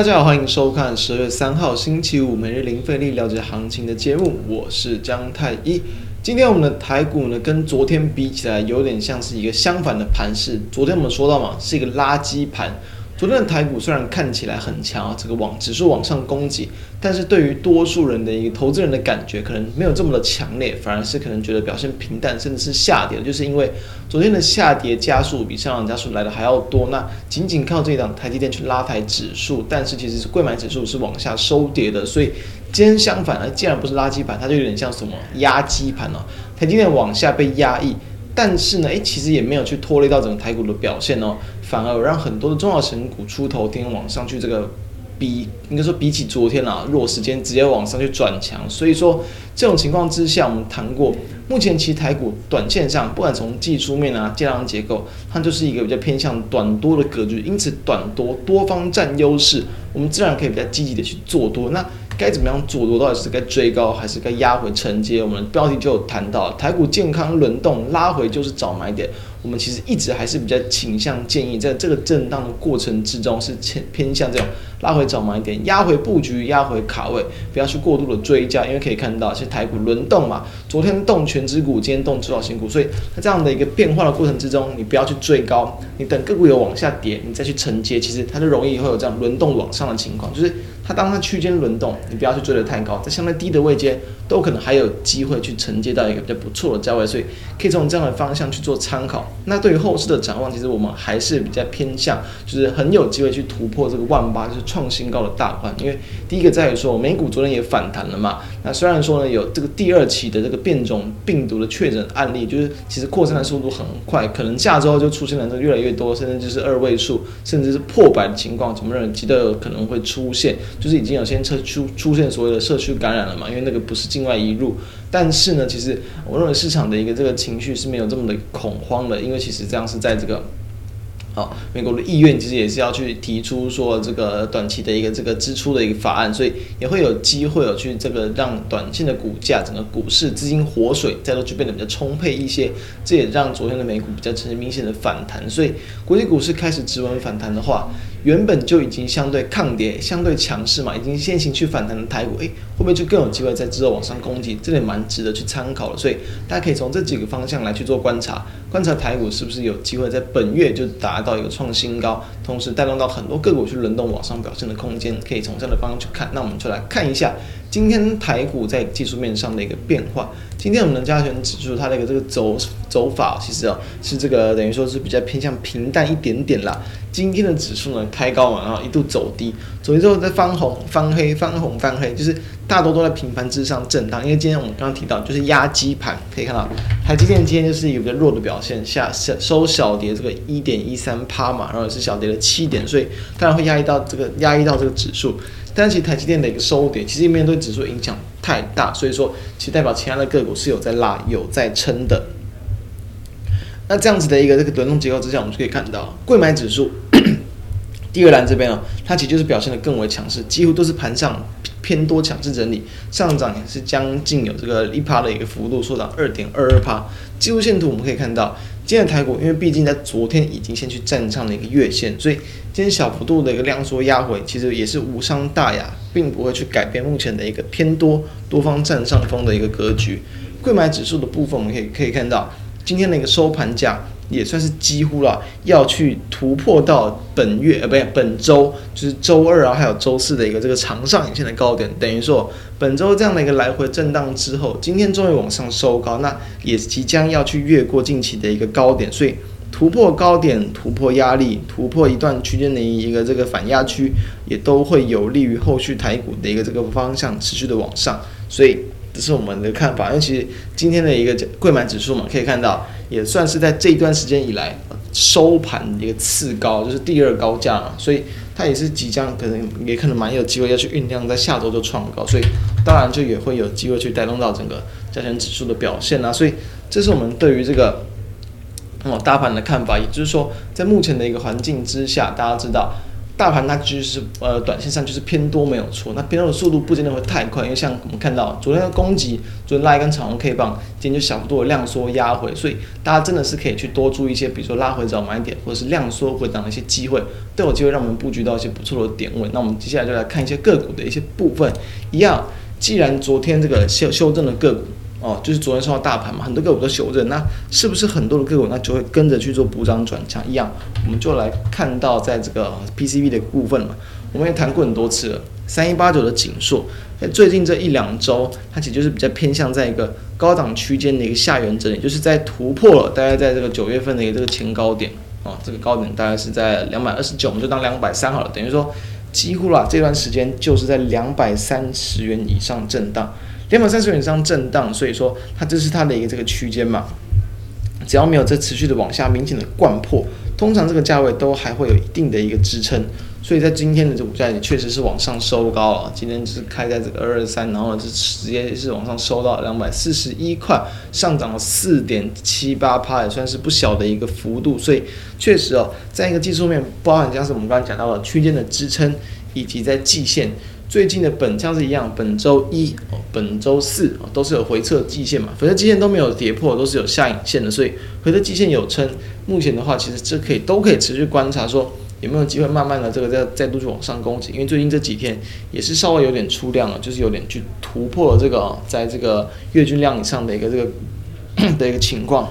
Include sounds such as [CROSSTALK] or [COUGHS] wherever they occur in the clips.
大家好，歡迎收看十二月三號星期五每日零費力了解行情的節目，我是江太一。今天我們的台股呢，跟昨天比起來，有點像是一個相反的盤勢，昨天我們說到嘛，是一個拉積盤。昨天的台股雖然看起來很強啊，這個往指數往上攻擊，但是對於多數人的一個投資人的感覺，可能沒有這麼的強烈，反而是可能覺得表現平淡，甚至是下跌的，就是因為昨天的下跌加速比上漲加速來的還要多。那僅僅靠這一檔台積電去拉抬指數，但是其實櫃買指數是往下收跌的，所以今天相反呢，既然不是拉積盤，它就有點像什麼壓積盤哦啊，台積電往下被壓抑。但是呢，誒，其實也沒有去拖累到整個台股的表現哦，反而讓很多的重要成分股出頭，天天往上去這個比，應該說比起昨天啊，弱時間直接往上去轉強，所以說這種情況之下，我們談過，目前其實台股短線上，不管從技術面啊、量能結構，它就是一個比較偏向短多的格局，因此短多多方佔優勢，我們自然可以比較積極的去做多那。該怎麼樣做多？我到底是該追高還是該壓回承接？我們標題就有談到了。台股健康輪動，拉回就是找買點。我們其實一直還是比較傾向建議，在這個震盪的過程之中，是偏偏向這種拉回找買點，壓回布局，壓回卡位，不要去過度的追價，因為可以看到，其實台股輪動嘛，昨天動權值股，今天動中小型股，所以在這樣的一個變化的過程之中，你不要去追高，你等個股有往下跌，你再去承接，其實它就容易會有這樣輪動往上的情況，就是。它當它區間輪動，你不要去追得太高，在相對低的位階都可能還有機會去承接到一個比較不錯的價位，所以可以從這樣的方向去做參考。那對於後市的展望，其實我們還是比較偏向，就是很有機會去突破這個萬八，就是創新高的大關，因為第一個在於說美股昨天也反彈了嘛。那雖然說呢，有這個第二期的這個變種病毒的確診案例，就是其實擴散的速度很快，可能下周就出現了這個越來越多，甚至就是二位數，甚至是破百的情況。怎麼認為？覺得可能會出現，就是已經有些車出出現所謂的社區感染了嘛？因為那個不是境外移入，但是呢，其實我認為市場的一個這個情緒是沒有這麼的恐慌的，因為其實這樣是在這個。美國的意願其實也是要去提出說這個短期的一個這個支出的一個法案，所以也會有機會有去這個讓短線的股價、整個股市資金活水再度去變得比較充沛一些，這也讓昨天的美股比較呈現明顯的反彈，所以國際股市開始止穩反彈的話，原本就已經相對抗跌，相對強勢嘛，已經先行去反彈的台股，誒，會不會就更有機會在之後往上攻擊？這點蠻值得去參考的，所以大家可以從這幾個方向來去做觀察，觀察台股是不是有機會在本月就達到一個創新高，同時帶動到很多個股去輪動往上表現的空間，可以從這樣的方向去看。那我們就來看一下今天台股在技術面上的一個變化。今天我們的加權指數，它的一個這個走走法，其實哦，是這個等於說是比較偏向平淡一點點啦。今天的指數呢，開高嘛，然後一度走低，走低之後再翻紅、翻黑、翻紅、翻黑，就是大多都在平盤之上震盪。因為今天我們剛剛提到，就是壓積盤，可以看到台積電今天就是有個弱的表現，下收小跌這個一點一三趴嘛，然後也是小跌了七點，所以當然會壓抑到這個壓抑到這個指數。但其實台積電的一個收點，其實面對指數影響太大，所以說其實代表其他的個股是有在拉，有在撐的。那這樣子的一個這個短中結構之下，我們就可以看到，櫃買指數 [COUGHS] 第二欄這邊啊，哦，它其實就是表現得更為強勢，幾乎都是盤上偏多強勢整理，上漲也是將近有這個一趴的一個幅度，上到二點二二趴。技術線圖我們可以看到，今天的台股，因為畢竟在昨天已經先去站上了一個月線，所以今天小幅度的一個量縮壓回，其實也是無傷大雅，並不會去改變目前的一個偏多多方占上風的一個格局。櫃買指數的部分，我們可以可以看到今天的一個收盤價。也算是幾乎了，要去突破到本月呃，不，本週就是週二啊，還有週四的一個這個長上影線的高點，等於說本週這樣的一個來回震盪之後，今天終於往上收高，那也即將要去越過近期的一個高點，所以突破高點、突破壓力、突破一段區間的一個這個反壓區，也都會有利於後續台股的一個這個方向持續的往上，所以。這是我們的看法，因為其實今天的一個櫃買指數嘛，可以看到也算是在這一段時間以來收盤一個次高，就是第二高價嘛、啊，所以它也是即將可能也可能蠻有機會要去醞釀，在下周就創高，所以當然就也會有機會去帶動到整個加權指數的表現啊，所以這是我們對於這個哦、嗯、大盤的看法，也就是說在目前的一個環境之下，大家知道。大盤它就是呃，短線上就是偏多沒有錯，那偏多的速度不見得會太快，因為像我們看到昨天的攻擊，昨天拉一根長紅 K 棒，今天就小幅度的量縮壓回，所以大家真的是可以去多注意一些，比如說拉回找買點，或者是量縮回檔的一些機會，都有機會讓我們布局到一些不錯的點位。那我們接下來就來看一些個股的一些部分，一樣，既然昨天這個修修正的個股。哦，就是昨天上到大盤嘛，很多個股都修正，那是不是很多的個股那就會跟着去做補漲轉強一樣？我們就來看到在這個 PCB 的部分嘛，我們也談過很多次了。三一八九的景碩，最近這一兩周，它其實就是比較偏向在一個高檔區間的一個下緣整理，就是在突破了大概在這個九月份的一個這個前高點啊、哦，這個高點大概是在兩百二十九，我們就當兩百三好了，等於說幾乎啦，這段時間就是在兩百三十元以上震盪。兩百三十元以上震盪，所以說它這是它的一個這個區間嘛。只要沒有這持續的往下明顯的摜破，通常這個價位都還會有一定的一個支撐。所以在今天的這股價也確實是往上收高了。今天是開在這個二二三，然後呢是直接是往上收到兩百四十一塊，上漲了四點七八趴，也算是不小的一個幅度。所以確實哦、喔，在一個技術面，包含像是我們剛才講到的區間的支撐，以及在季線最近的本像是一樣，本週一。本周四啊、哦，都是有回測季線嘛，反正季線都沒有跌破，都是有下影線的，所以回測季線有撐。目前的話，其實這可以都可以持續觀察，說有沒有機會慢慢的這個再再度去往上攻擊。因為最近這幾天也是稍微有點出量了，就是有點去突破了這個、哦、在這個月均量以上的一個這個的一個情況，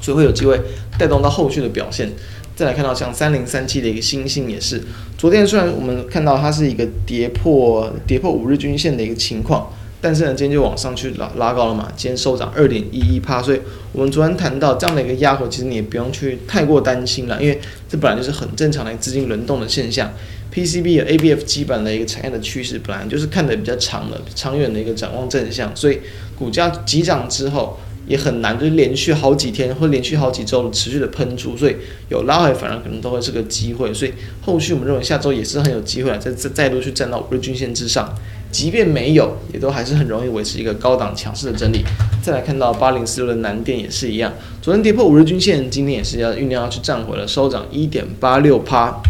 所以會有機會帶動到後續的表現。再來看到像三零三七的一個欣興也是，昨天雖然我們看到它是一個跌破跌破五日均線的一個情況。但是呢，今天就往上去拉拉高了嘛，今天收漲二點一一趴，所以我們昨天談到這樣的一個壓回，其實你也不用去太過擔心了，因為這本來就是很正常的一個資金輪動的現象。PCB 和 ABF 基板的一個產業的趨勢，本來就是看得比較長的、長遠的一個展望正向，所以股價急漲之後也很難，就是連續好幾天或連續好幾週持續的噴出，所以有拉回反而可能都會是個機會，所以後續我們認為下週也是很有機會啊，再再再度去站到五日均線之上。即便沒有，也都還是很容易維持一個高檔強勢的整理。再來看到八零四六的南電也是一樣，昨天跌破五日均線，今天也是要醞釀要去站回了，收漲一點八六趴。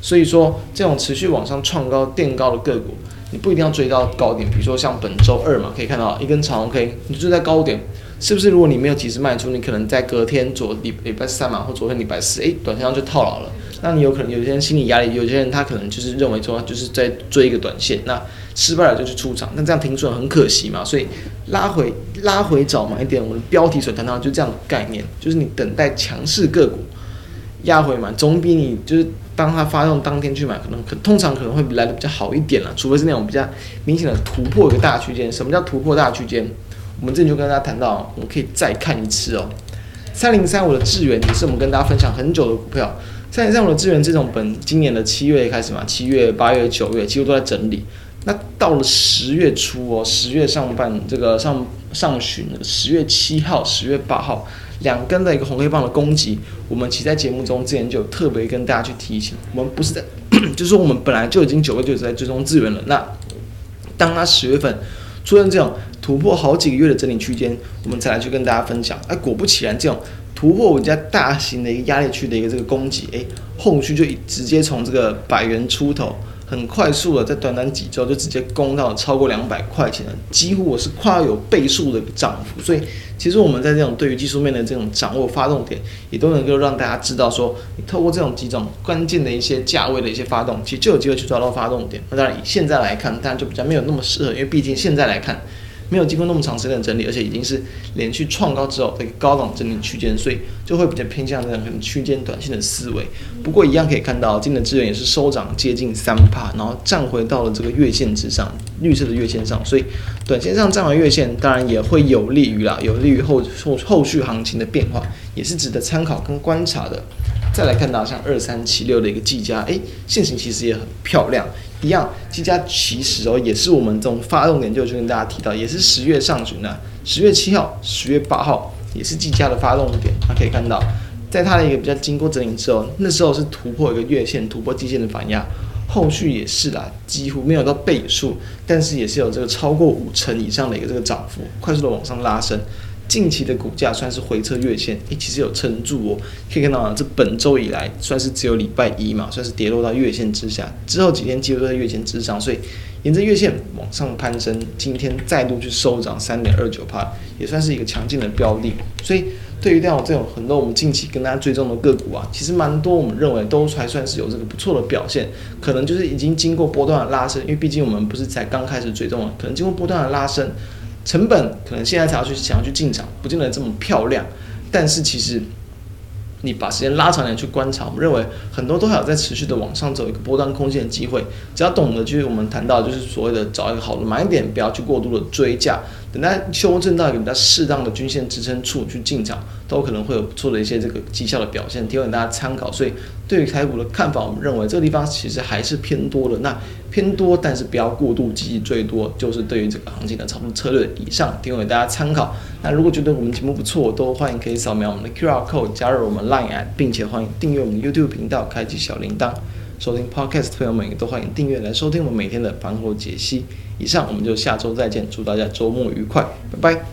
所以說，這種持續往上創高、墊高的個股，你不一定要追到高點。比如說像本週二嘛，可以看到一根長紅 K，你追在高點，是不是？如果你沒有及時賣出，你可能在隔天昨禮禮拜三嘛、啊，或昨天禮拜四，哎、欸，短線上就套牢了。那你有可能有些人心理壓力，有些人他可能就是認為說就是在追一個短線，那失敗了就去出場，那這樣停損很可惜嘛，所以拉回拉回早買一點。我們標題所談到的就這樣的概念，就是你等待強勢個股壓回嘛，總比你就是當它發動當天去買，可能可通常可能會來得比較好一點了，除非是那種比較明顯的突破一個大區間。什麼叫突破大區間？我們這裡就跟大家談到，我們可以再看一次哦、喔。三零三五的智原也是我們跟大家分享很久的股票。在在我的資源這種本今年的七月開始嘛，七月、八月、九月，幾乎都在整理。那到了十月初哦，十月上半這個上上旬，十月七號、十月八號，兩根的一個紅黑棒的攻擊，我們其實在節目中之前就有特別跟大家去提醒，我們不是在， [COUGHS] 就是說我們本來就已經九月就在追蹤資源了。那當他十月份出現這種突破好幾個月的整理區間，我們再來去跟大家分享。哎，果不其然，這樣。突破我家大型的一個壓力區的一個這個攻擊，誒、欸，後續就直接從這個百元出頭，很快速的，在短短幾周就直接攻到超過兩百塊錢，幾乎我是快要有倍數的一個漲幅。所以，其實我們在這種對於技術面的這種掌握發動點，也都能夠讓大家知道說，你透過這種幾種關鍵的一些價位的一些發動，其實就有機會去抓到發動點。那當然，以現在來看，當然就比較沒有那麼適合，因為畢竟現在來看。沒有經過那麼長時間的整理，而且已經是連續創高之後的高檔整理區間，所以就會比較偏向那種區間短線的思維。不過，一樣可以看到今天的資源也是收漲接近三趴，然後站回到了這個月線之上，綠色的月線上，所以短線上站完月線，當然也會有利於啦，有利於後後後續行情的變化，也是值得參考跟觀察的。再來看到像二三七六的一個技嘉，哎，線形其實也很漂亮。一樣，技嘉其實哦，也是我們這種發動點，就就跟大家提到，也是十月上旬呢、啊，十月七號、十月八號，也是技嘉的發動點。那可以看到，在它的一個比較經過整理之後，那時候是突破一個月線、突破季線的反壓，後續也是啦，幾乎沒有到倍數，但是也是有這個超過五成以上的一個這個漲幅，快速的往上拉升。近期的股價算是回撤月線，誒、欸，其實有撐住哦。可以看到啊，這本週以來算是只有禮拜一嘛，算是跌落到月線之下，之後幾天幾乎都在月線之上，所以沿着月線往上攀升。今天再度去收漲三點二九趴，也算是一個強勁的標的。所以對於像這種很多我們近期跟大家追蹤的個股啊，其實蠻多我們認為都還算是有這個不錯的表現，可能就是已經經過波段的拉升，因為畢竟我們不是才剛開始追蹤嘛，可能經過波段的拉升。成本可能現在才要去想要去進場，不見得這麼漂亮。但是其實，你把時間拉長點去觀察，我們認為很多都還有在持續的往上走，一個波段空間的機會。只要懂得，就是我們談到，就是所謂的找一個好的買點，不要去過度的追價，等待修正到一個比較適當的均線支撐處去進場，都可能會有不錯的一些這個績效的表現，提供給大家參考。所以對於台股的看法，我們認為這個地方其實還是偏多的。那。偏多，但是不要過度積極。最多就是對於這個行情的操作策略，以上提供給大家參考。那如果覺得我們節目不錯，都歡迎可以掃描我們的 QR code 加入我們 LINE 群並且歡迎訂閱我們 YouTube 頻道，開啟小鈴鐺，收聽 Podcast。朋友們也都歡迎訂閱來收聽我們每天的盤後解析。以上，我們就下周再見，祝大家周末愉快，拜拜。